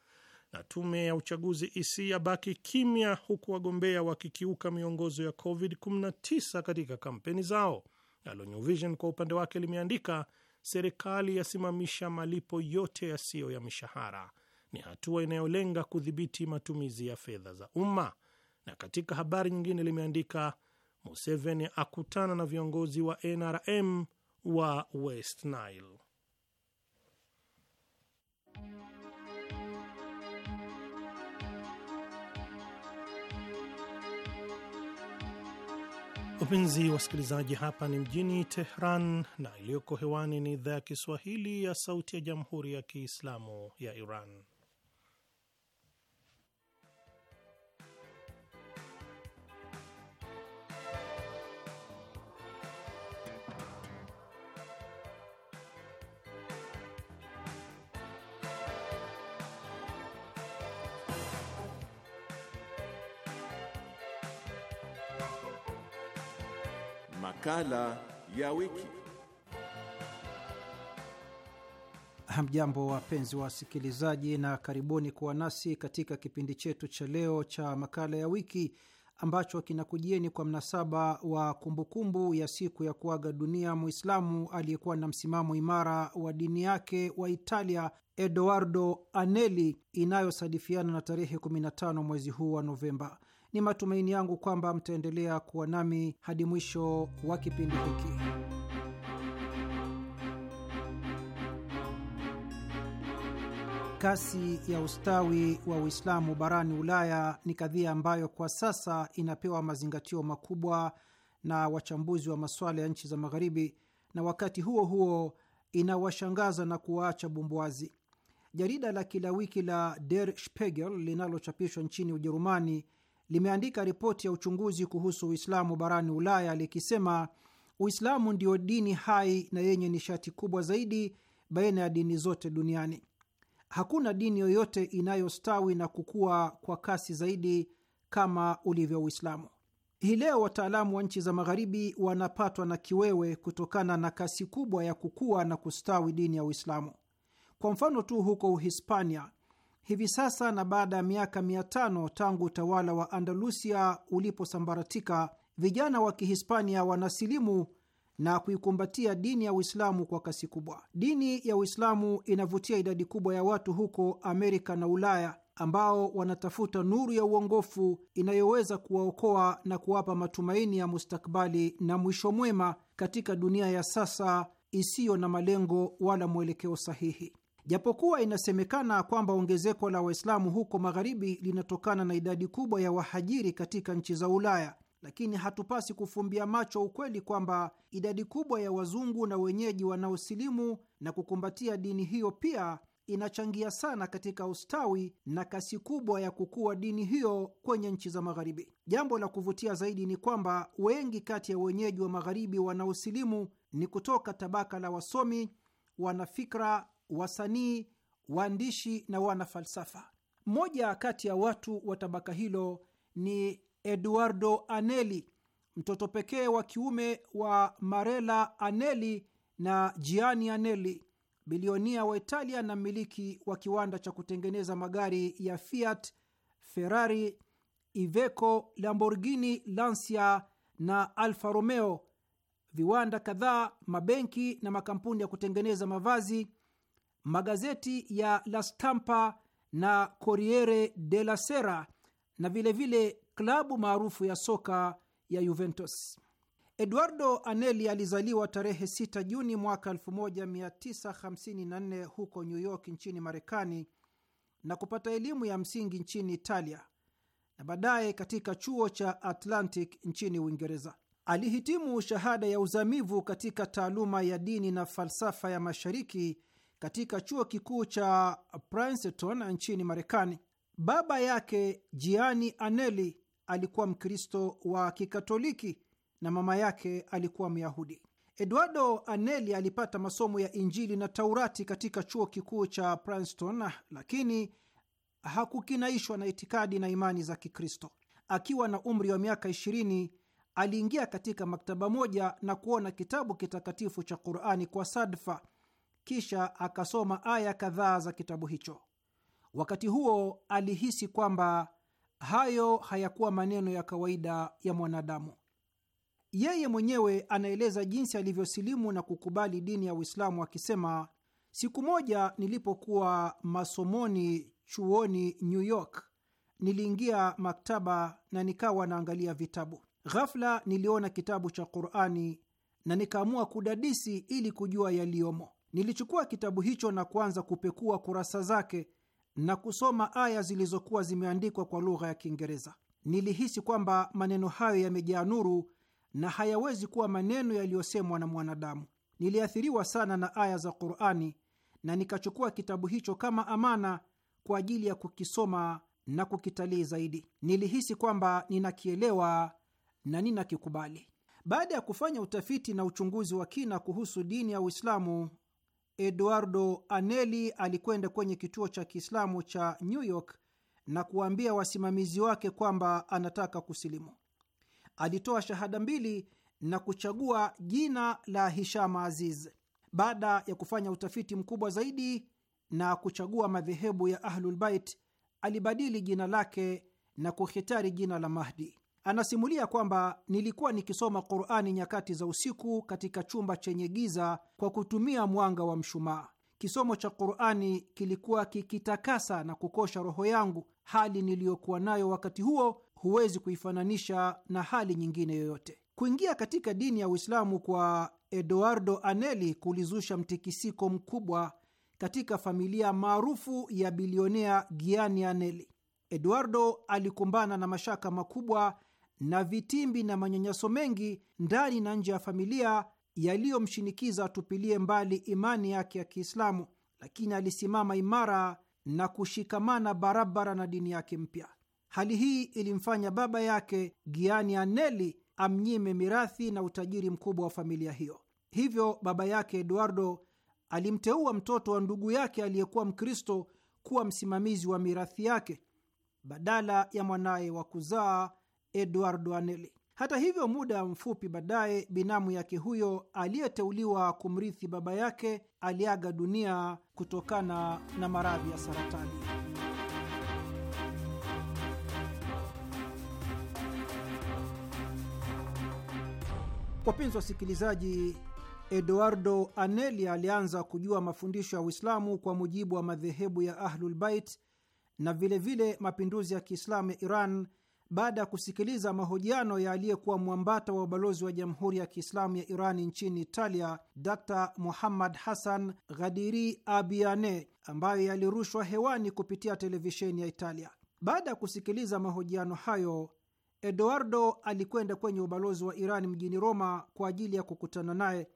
na tume ya uchaguzi isi e yabaki kimya, huku wagombea wakikiuka miongozo ya COVID-19 katika kampeni zao. Nalo New Vision kwa upande wake limeandika serikali yasimamisha malipo yote yasiyo ya mishahara, ni hatua inayolenga kudhibiti matumizi ya fedha za umma. Na katika habari nyingine limeandika Museveni akutana na viongozi wa NRM wa West Nile. Wapenzi wasikilizaji, hapa ni mjini Tehran na iliyoko hewani ni idhaa ya Kiswahili ya Sauti ya Jamhuri ya Kiislamu ya Iran. Makala ya wiki. Hamjambo, wapenzi wa wasikilizaji, na karibuni kuwa nasi katika kipindi chetu cha leo cha makala ya wiki ambacho kinakujieni kwa mnasaba wa kumbukumbu kumbu ya siku ya kuaga dunia Muislamu aliyekuwa na msimamo imara wa dini yake wa Italia, Edoardo aneli inayosadifiana na tarehe 15 mwezi huu wa Novemba. Ni matumaini yangu kwamba mtaendelea kuwa nami hadi mwisho wa kipindi hiki. Kasi ya ustawi wa Uislamu barani Ulaya ni kadhia ambayo kwa sasa inapewa mazingatio makubwa na wachambuzi wa masuala ya nchi za Magharibi, na wakati huo huo inawashangaza na kuwaacha bumbwazi. Jarida la kila wiki la Der Spiegel linalochapishwa nchini Ujerumani limeandika ripoti ya uchunguzi kuhusu Uislamu barani Ulaya likisema Uislamu ndio dini hai na yenye nishati kubwa zaidi baina ya dini zote duniani. Hakuna dini yoyote inayostawi na kukua kwa kasi zaidi kama ulivyo Uislamu. Hii leo wataalamu wa nchi za Magharibi wanapatwa na kiwewe kutokana na kasi kubwa ya kukua na kustawi dini ya Uislamu. Kwa mfano tu, huko Uhispania hivi sasa na baada ya miaka mia tano tangu utawala wa Andalusia uliposambaratika, vijana wa Kihispania wanasilimu na kuikumbatia dini ya Uislamu kwa kasi kubwa. Dini ya Uislamu inavutia idadi kubwa ya watu huko Amerika na Ulaya ambao wanatafuta nuru ya uongofu inayoweza kuwaokoa na kuwapa matumaini ya mustakbali na mwisho mwema katika dunia ya sasa isiyo na malengo wala mwelekeo sahihi. Japokuwa inasemekana kwamba ongezeko la Waislamu huko magharibi linatokana na idadi kubwa ya wahajiri katika nchi za Ulaya, lakini hatupasi kufumbia macho ukweli kwamba idadi kubwa ya wazungu na wenyeji wanaosilimu na kukumbatia dini hiyo pia inachangia sana katika ustawi na kasi kubwa ya kukua dini hiyo kwenye nchi za magharibi. Jambo la kuvutia zaidi ni kwamba wengi kati ya wenyeji wa magharibi wanaosilimu ni kutoka tabaka la wasomi, wanafikra wasanii, waandishi na wanafalsafa. Mmoja kati ya watu wa tabaka hilo ni Eduardo Anelli, mtoto pekee wa kiume wa marela Anelli na Gianni Anelli, bilionia wa Italia na mmiliki wa kiwanda cha kutengeneza magari ya Fiat, Ferrari, Iveco, Lamborghini, Lancia na Alfa Romeo, viwanda kadhaa, mabenki na makampuni ya kutengeneza mavazi magazeti ya La Stampa na Corriere della Sera na vilevile vile klabu maarufu ya soka ya Juventus. Eduardo Anelli alizaliwa tarehe 6 Juni mwaka 1954 huko New York nchini Marekani na kupata elimu ya msingi nchini Italia na baadaye katika chuo cha Atlantic nchini Uingereza. Alihitimu shahada ya uzamivu katika taaluma ya dini na falsafa ya Mashariki katika chuo kikuu cha Princeton nchini Marekani. Baba yake Gianni Anelli alikuwa Mkristo wa Kikatoliki na mama yake alikuwa Myahudi. Eduardo Anelli alipata masomo ya Injili na Taurati katika chuo kikuu cha Princeton, lakini hakukinaishwa na itikadi na imani za Kikristo. Akiwa na umri wa miaka ishirini aliingia katika maktaba moja na kuona kitabu kitakatifu cha Qurani kwa sadfa kisha akasoma aya kadhaa za kitabu hicho. Wakati huo alihisi kwamba hayo hayakuwa maneno ya kawaida ya mwanadamu. Yeye mwenyewe anaeleza jinsi alivyosilimu na kukubali dini ya Uislamu akisema, siku moja nilipokuwa masomoni chuoni New York, niliingia maktaba na nikawa naangalia vitabu. Ghafla niliona kitabu cha Qur'ani na nikaamua kudadisi ili kujua yaliyomo. Nilichukua kitabu hicho na kuanza kupekua kurasa zake na kusoma aya zilizokuwa zimeandikwa kwa lugha ya Kiingereza. Nilihisi kwamba maneno hayo yamejaa nuru na hayawezi kuwa maneno yaliyosemwa na mwanadamu. Niliathiriwa sana na aya za Qur'ani na nikachukua kitabu hicho kama amana kwa ajili ya kukisoma na kukitalii zaidi. Nilihisi kwamba ninakielewa na ninakikubali. Baada ya kufanya utafiti na uchunguzi wa kina kuhusu dini ya Uislamu, Eduardo Anelli alikwenda kwenye kituo cha Kiislamu cha New York na kuwaambia wasimamizi wake kwamba anataka kusilimu. Alitoa shahada mbili na kuchagua jina la Hishama Aziz. Baada ya kufanya utafiti mkubwa zaidi na kuchagua madhehebu ya Ahlulbait, alibadili jina lake na kuhitari jina la Mahdi. Anasimulia kwamba nilikuwa nikisoma Qurani nyakati za usiku katika chumba chenye giza kwa kutumia mwanga wa mshumaa. Kisomo cha Qurani kilikuwa kikitakasa na kukosha roho yangu. Hali niliyokuwa nayo wakati huo huwezi kuifananisha na hali nyingine yoyote. Kuingia katika dini ya Uislamu kwa Eduardo Anelli kulizusha mtikisiko mkubwa katika familia maarufu ya bilionea Gianni Anelli. Eduardo alikumbana na mashaka makubwa na vitimbi na manyanyaso mengi ndani na nje ya familia yaliyomshinikiza atupilie mbali imani yake ya Kiislamu, lakini alisimama imara na kushikamana barabara na dini yake mpya. Hali hii ilimfanya baba yake giani aneli amnyime mirathi na utajiri mkubwa wa familia hiyo. Hivyo baba yake Eduardo alimteua mtoto wa ndugu yake aliyekuwa Mkristo kuwa msimamizi wa mirathi yake badala ya mwanaye wa kuzaa Eduardo Anelli. Hata hivyo, muda mfupi baadaye, binamu yake huyo aliyeteuliwa kumrithi baba yake aliaga dunia kutokana na maradhi ya saratani. Wapenzi wasikilizaji, Eduardo Anelli alianza kujua mafundisho ya Uislamu kwa mujibu wa madhehebu ya Ahlulbait na vilevile vile mapinduzi ya Kiislamu ya Iran baada ya kusikiliza mahojiano ya aliyekuwa mwambata wa ubalozi wa Jamhuri ya Kiislamu ya Irani nchini Italia, Dr Muhammad Hassan Ghadiri Abiane, ambayo yalirushwa hewani kupitia televisheni ya Italia. Baada ya kusikiliza mahojiano hayo, Eduardo alikwenda kwenye ubalozi wa Irani mjini Roma kwa ajili ya kukutana naye,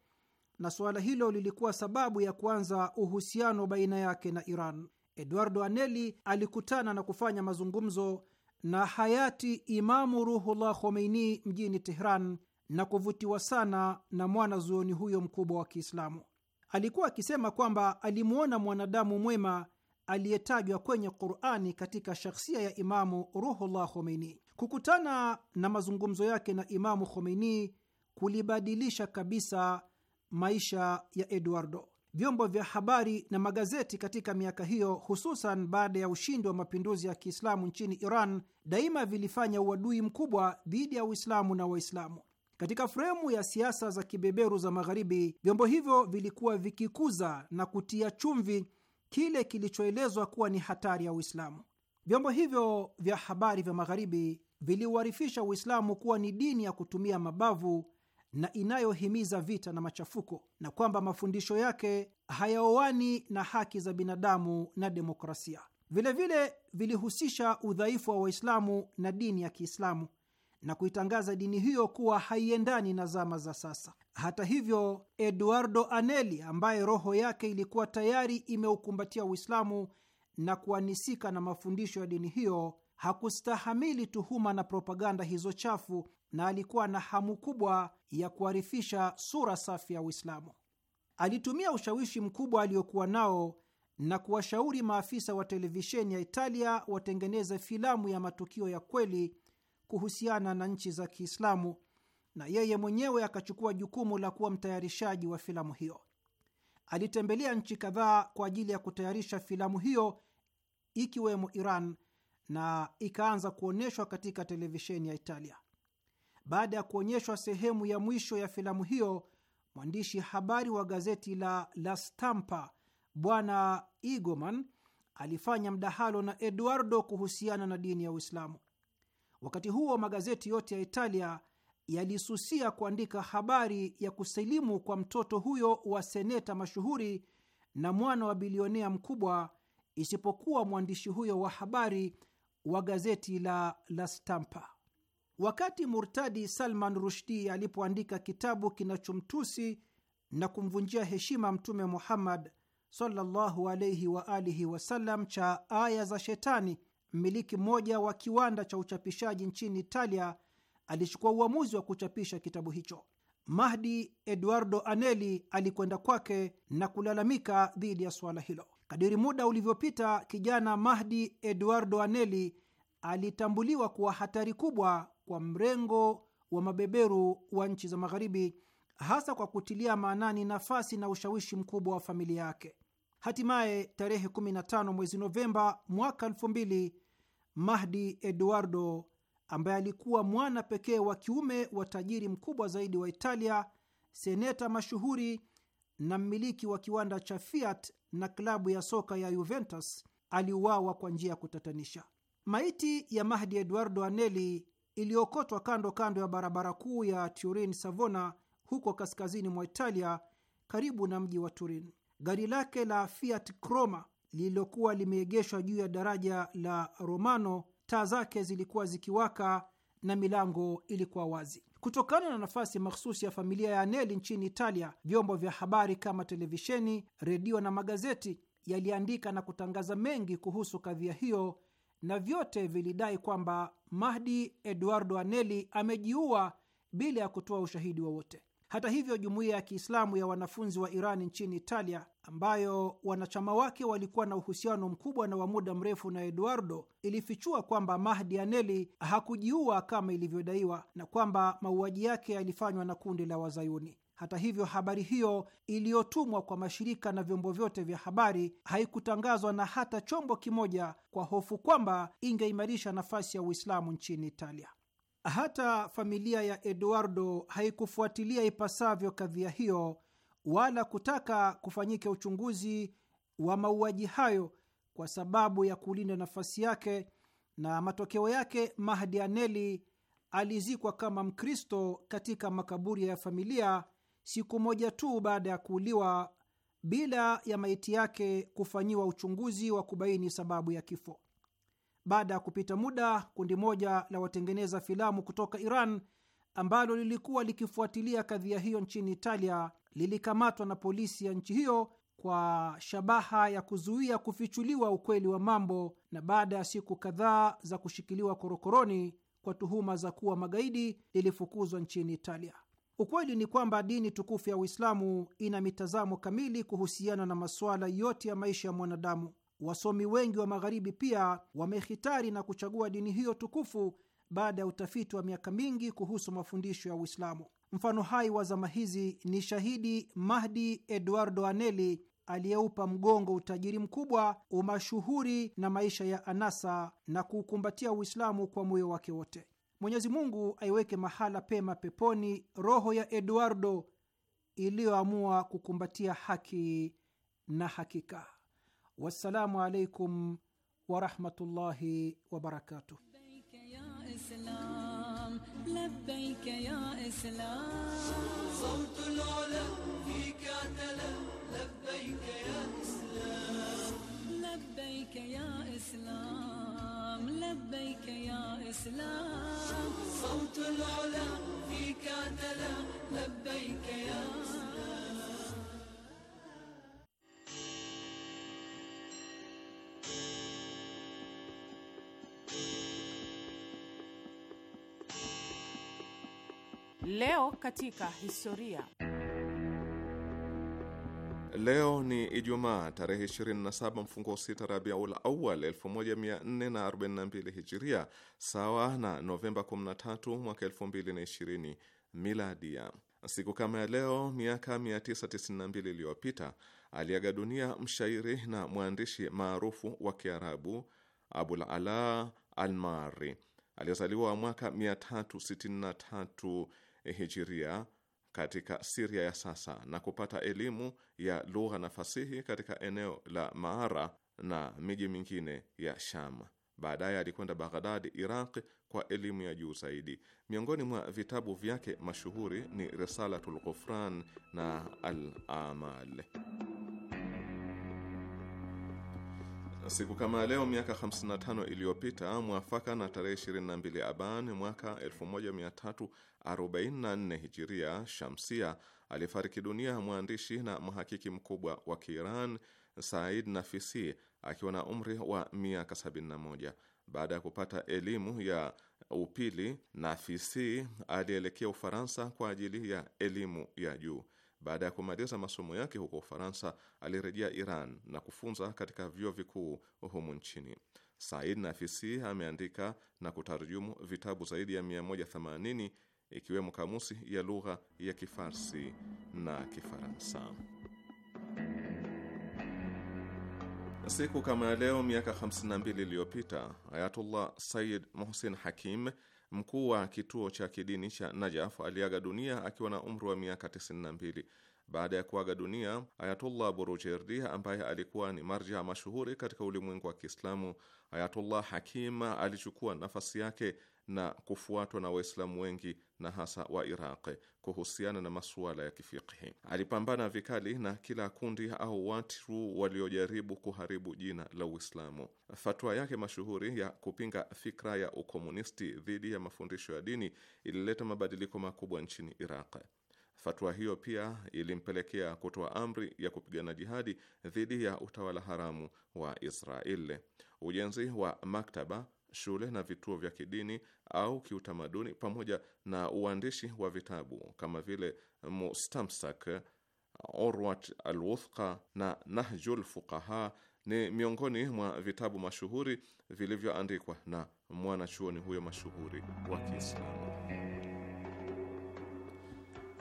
na suala hilo lilikuwa sababu ya kuanza uhusiano baina yake na Iran. Eduardo aneli alikutana na kufanya mazungumzo na hayati Imamu Ruhullah Khomeini mjini Tehran na kuvutiwa sana na mwanazuoni huyo mkubwa wa Kiislamu. Alikuwa akisema kwamba alimwona mwanadamu mwema aliyetajwa kwenye Qurani katika shakhsia ya Imamu Ruhullah Khomeini. Kukutana na mazungumzo yake na Imamu Khomeini kulibadilisha kabisa maisha ya Eduardo vyombo vya habari na magazeti katika miaka hiyo, hususan baada ya ushindi wa mapinduzi ya Kiislamu nchini Iran, daima vilifanya uadui mkubwa dhidi ya Uislamu na Waislamu. Katika fremu ya siasa za kibeberu za Magharibi, vyombo hivyo vilikuwa vikikuza na kutia chumvi kile kilichoelezwa kuwa ni hatari ya Uislamu. Vyombo hivyo vya habari vya Magharibi viliuharifisha Uislamu kuwa ni dini ya kutumia mabavu na inayohimiza vita na machafuko na kwamba mafundisho yake hayaoani na haki za binadamu na demokrasia. Vilevile vile vilihusisha udhaifu wa Waislamu na dini ya Kiislamu na kuitangaza dini hiyo kuwa haiendani na zama za sasa. Hata hivyo, Eduardo Anelli ambaye roho yake ilikuwa tayari imeukumbatia Uislamu na kuanisika na mafundisho ya dini hiyo hakustahamili tuhuma na propaganda hizo chafu na alikuwa na hamu kubwa ya kuharifisha sura safi ya Uislamu. Alitumia ushawishi mkubwa aliokuwa nao na kuwashauri maafisa wa televisheni ya Italia watengeneze filamu ya matukio ya kweli kuhusiana na nchi za Kiislamu, na yeye mwenyewe akachukua jukumu la kuwa mtayarishaji wa filamu hiyo. Alitembelea nchi kadhaa kwa ajili ya kutayarisha filamu hiyo ikiwemo Iran na ikaanza kuonyeshwa katika televisheni ya Italia. Baada ya kuonyeshwa sehemu ya mwisho ya filamu hiyo, mwandishi habari wa gazeti la La Stampa Bwana igoman alifanya mdahalo na Eduardo kuhusiana na dini ya Uislamu. Wakati huo magazeti yote ya Italia yalisusia kuandika habari ya kusilimu kwa mtoto huyo wa seneta mashuhuri na mwana wa bilionea mkubwa, isipokuwa mwandishi huyo wa habari wa gazeti la La Stampa. Wakati murtadi Salman Rushdi alipoandika kitabu kinachomtusi na kumvunjia heshima Mtume Muhammad sallallahu alayhi wa alihi wasallam cha Aya za Shetani, mmiliki mmoja wa kiwanda cha uchapishaji nchini Italia alichukua uamuzi wa kuchapisha kitabu hicho. Mahdi Eduardo Anelli alikwenda kwake na kulalamika dhidi ya suala hilo. Kadiri muda ulivyopita, kijana Mahdi Eduardo aneli alitambuliwa kuwa hatari kubwa kwa mrengo wa mabeberu wa nchi za Magharibi, hasa kwa kutilia maanani nafasi na ushawishi mkubwa wa familia yake. Hatimaye tarehe 15 mwezi Novemba mwaka 2000 Mahdi Eduardo ambaye alikuwa mwana pekee wa kiume wa tajiri mkubwa zaidi wa Italia, seneta mashuhuri na mmiliki wa kiwanda cha Fiat na klabu ya soka ya Juventus aliuawa kwa njia ya kutatanisha. Maiti ya Mahdi Eduardo Anelli iliyokotwa kando kando ya barabara kuu ya Turin Savona, huko kaskazini mwa Italia, karibu na mji wa Turin. Gari lake la Fiat Croma lililokuwa limeegeshwa juu ya daraja la Romano, taa zake zilikuwa zikiwaka na milango ilikuwa wazi. Kutokana na nafasi mahsusi ya familia ya aneli nchini Italia, vyombo vya habari kama televisheni, redio na magazeti yaliandika na kutangaza mengi kuhusu kadhia hiyo, na vyote vilidai kwamba Mahdi Eduardo aneli amejiua bila ya kutoa ushahidi wowote. Hata hivyo, jumuiya ya Kiislamu ya wanafunzi wa Iran nchini Italia, ambayo wanachama wake walikuwa na uhusiano mkubwa na wa muda mrefu na Eduardo, ilifichua kwamba Mahdi Aneli hakujiua kama ilivyodaiwa na kwamba mauaji yake yalifanywa na kundi la Wazayuni. Hata hivyo, habari hiyo iliyotumwa kwa mashirika na vyombo vyote vya habari haikutangazwa na hata chombo kimoja, kwa hofu kwamba ingeimarisha nafasi ya Uislamu nchini Italia. Hata familia ya Eduardo haikufuatilia ipasavyo kadhia hiyo wala kutaka kufanyike uchunguzi wa mauaji hayo kwa sababu ya kulinda nafasi yake, na matokeo yake Mahdi Aneli alizikwa kama Mkristo katika makaburi ya familia siku moja tu baada ya kuuliwa bila ya maiti yake kufanyiwa uchunguzi wa kubaini sababu ya kifo. Baada ya kupita muda, kundi moja la watengeneza filamu kutoka Iran ambalo lilikuwa likifuatilia kadhia hiyo nchini Italia lilikamatwa na polisi ya nchi hiyo kwa shabaha ya kuzuia kufichuliwa ukweli wa mambo, na baada ya siku kadhaa za kushikiliwa korokoroni kwa tuhuma za kuwa magaidi lilifukuzwa nchini Italia. Ukweli ni kwamba dini tukufu ya Uislamu ina mitazamo kamili kuhusiana na masuala yote ya maisha ya mwanadamu. Wasomi wengi wa Magharibi pia wamehitari na kuchagua dini hiyo tukufu baada ya utafiti wa miaka mingi kuhusu mafundisho ya Uislamu. Mfano hai wa zama hizi ni shahidi Mahdi Eduardo Anelli aliyeupa mgongo utajiri mkubwa, umashuhuri na maisha ya anasa na kuukumbatia Uislamu kwa moyo wake wote. Mwenyezi Mungu aiweke mahala pema peponi roho ya Eduardo iliyoamua kukumbatia haki na hakika. والسلام عليكم ورحمة الله وبركاته لبيك يا إسلام لبيك يا إسلام صوت العلا فيك اعتلى لبيك يا إسلام لبيك يا إسلام لبيك يا إسلام صوت العلا فيك اعتلى لبيك يا Leo katika historia. Leo ni Ijumaa tarehe 27 mfungo sita Rabiul Awal 1442 Hijiria, sawa na Novemba 13 mwaka 2020 Miladia. Siku kama ya leo miaka 992 iliyopita aliaga dunia mshairi na mwandishi maarufu wa Kiarabu Abul Ala Almari aliyezaliwa mwaka 363 Eh, hijiria katika Siria ya sasa na kupata elimu ya lugha na fasihi katika eneo la Maara na miji mingine ya Sham. Baadaye alikwenda Baghdad, Iraq, kwa elimu ya juu zaidi. Miongoni mwa vitabu vyake mashuhuri ni Risalatul Ghufran na Al Amal. Siku kama leo miaka 55 iliyopita mwafaka na tarehe 22 Aban mwaka 1344 Hijiria Shamsia, alifariki dunia mwandishi na mhakiki mkubwa wa Kiiran Said Nafisi akiwa na umri wa miaka 71. Baada ya kupata elimu ya upili, Nafisi alielekea Ufaransa kwa ajili ya elimu ya juu. Baada ya kumaliza masomo yake huko Ufaransa, alirejea Iran na kufunza katika vyuo vikuu humu nchini. Said Nafisi ameandika na kutarjumu vitabu zaidi ya 180 ikiwemo kamusi ya lugha ya Kifarsi na Kifaransa. Siku kama ya leo miaka 52 iliyopita Ayatullah Sayyid Muhsin Hakim Mkuu wa kituo cha kidini cha Najaf aliaga dunia akiwa na umri wa miaka 92. Baada ya kuaga dunia, Ayatullah burujerdi ambaye alikuwa ni marja mashuhuri katika ulimwengu wa Kiislamu, Ayatullah Hakim alichukua nafasi yake na kufuatwa na Waislamu wengi na hasa wa Iraq kuhusiana na masuala ya kifiqhi. Alipambana vikali na kila kundi au watu waliojaribu kuharibu jina la Uislamu. Fatwa yake mashuhuri ya kupinga fikra ya ukomunisti dhidi ya mafundisho ya dini ilileta mabadiliko makubwa nchini Iraq. Fatwa hiyo pia ilimpelekea kutoa amri ya kupigana jihadi dhidi ya utawala haramu wa Israeli. Ujenzi wa maktaba shule na vituo vya kidini au kiutamaduni, pamoja na uandishi wa vitabu kama vile Mustamsak, Orwat Alwuthqa na Nahjul Fuqaha ni miongoni mwa vitabu mashuhuri vilivyoandikwa na mwanachuoni huyo mashuhuri wa Kiislamu.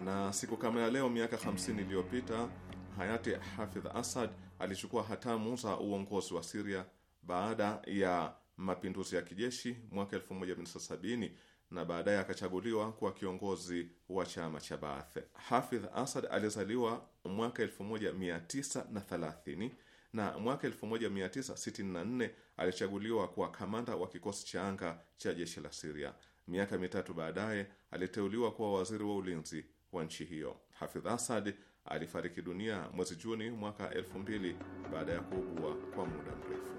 Na siku kama ya leo miaka 50 iliyopita hayati Hafidh Asad alichukua hatamu za uongozi wa Siria baada ya mapinduzi ya kijeshi mwaka 1970 na baadaye akachaguliwa kuwa kiongozi wa chama cha Baath. Hafidh Asad alizaliwa mwaka 1930 na mwaka 1964 alichaguliwa kuwa kamanda wa kikosi cha anga cha jeshi la Siria. Miaka mitatu baadaye aliteuliwa kuwa waziri wa ulinzi wa nchi hiyo. Hafidh Asad alifariki dunia mwezi Juni mwaka 2000 baada ya kuugua kwa muda mrefu.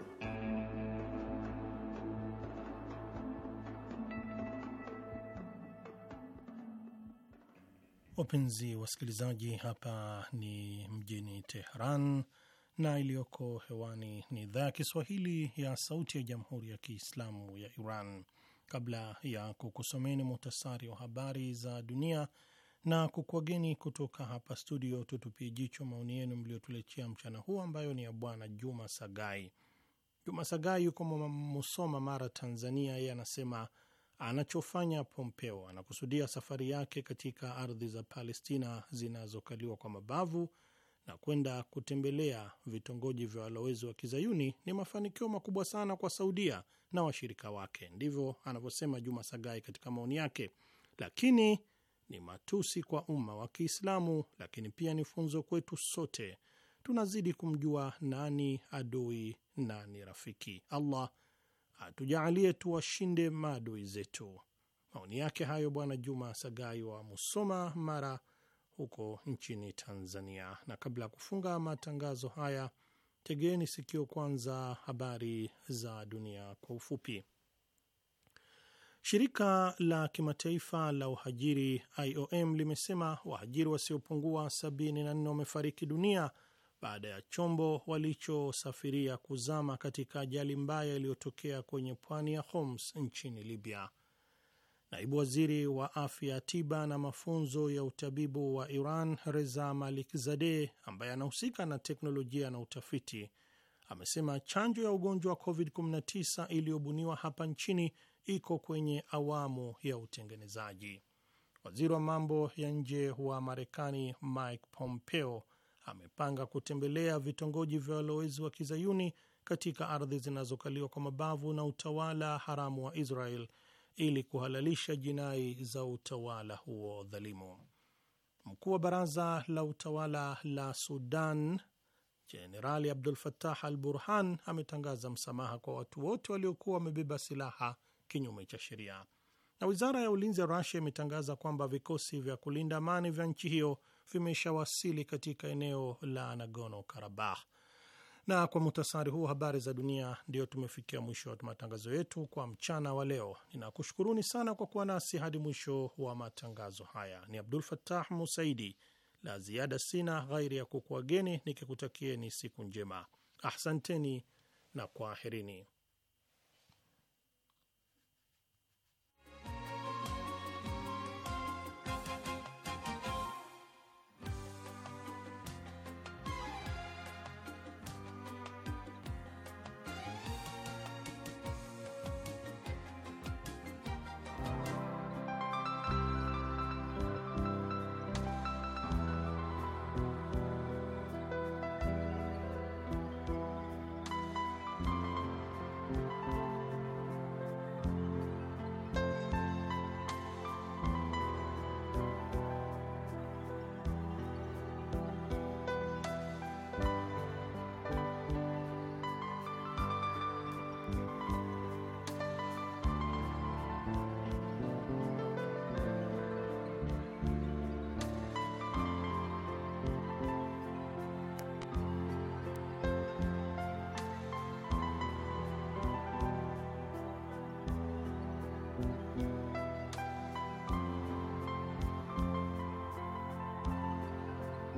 Wapenzi wasikilizaji, hapa ni mjini Teheran na iliyoko hewani ni idhaa ya Kiswahili ya Sauti ya Jamhuri ya Kiislamu ya Iran. Kabla ya kukusomeni muhtasari wa habari za dunia na kukuageni kutoka hapa studio, tutupie jicho maoni yenu mliotuletea mchana huu, ambayo ni ya Bwana Juma Sagai. Juma Sagai yuko Musoma, Mara, Tanzania. Yeye anasema Anachofanya Pompeo, anakusudia safari yake katika ardhi za Palestina zinazokaliwa kwa mabavu na kwenda kutembelea vitongoji vya walowezi wa kizayuni ni mafanikio makubwa sana kwa Saudia na washirika wake. Ndivyo anavyosema Juma Sagai katika maoni yake, lakini ni matusi kwa umma wa Kiislamu, lakini pia ni funzo kwetu sote. Tunazidi kumjua nani adui, nani rafiki. Allah hatujaalie tuwashinde maadui zetu. Maoni yake hayo Bwana Juma Sagai wa Musoma, Mara, huko nchini Tanzania. Na kabla ya kufunga matangazo haya, tegeni sikio kwanza habari za dunia kwa ufupi. Shirika la kimataifa la uhajiri IOM limesema wahajiri wasiopungua 74 wamefariki dunia baada ya chombo walichosafiria kuzama katika ajali mbaya iliyotokea kwenye pwani ya Homs nchini Libya. Naibu waziri wa afya, tiba na mafunzo ya utabibu wa Iran, Reza Malikzadeh, ambaye anahusika na teknolojia na utafiti, amesema chanjo ya ugonjwa wa COVID-19 iliyobuniwa hapa nchini iko kwenye awamu ya utengenezaji. Waziri wa mambo ya nje wa Marekani Mike Pompeo amepanga kutembelea vitongoji vya walowezi wa kizayuni katika ardhi zinazokaliwa kwa mabavu na utawala haramu wa Israel ili kuhalalisha jinai za utawala huo dhalimu. Mkuu wa baraza la utawala la Sudan Jenerali Abdul fatah al Burhan ametangaza msamaha kwa watu wote waliokuwa wamebeba silaha kinyume cha sheria, na wizara ya ulinzi ya Rusia imetangaza kwamba vikosi vya kulinda amani vya nchi hiyo vimeshawasili katika eneo la nagono Karabakh. Na kwa muhtasari huu habari za dunia, ndiyo tumefikia mwisho wa matangazo yetu kwa mchana wa leo. Ninakushukuruni sana kwa kuwa nasi hadi mwisho wa matangazo haya. Ni Abdul fatah Musaidi, la ziada sina ghairi ya kukuageni nikikutakieni siku njema. Ahsanteni na kwaherini.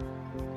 thank you